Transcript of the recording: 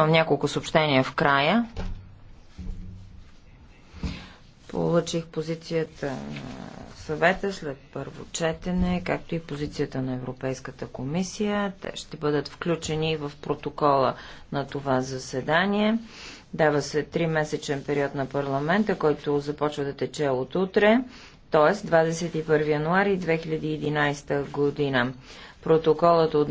Имам няколко съобщения в края. Получих позицията на съвета след първо четене, както и позицията на Европейската комисия. Те ще бъдат включени в протокола на това заседание. Дава се 3-месечен период на парламента, който започва да тече от утре, т.е. 21 януари 2011 година. Протоколът от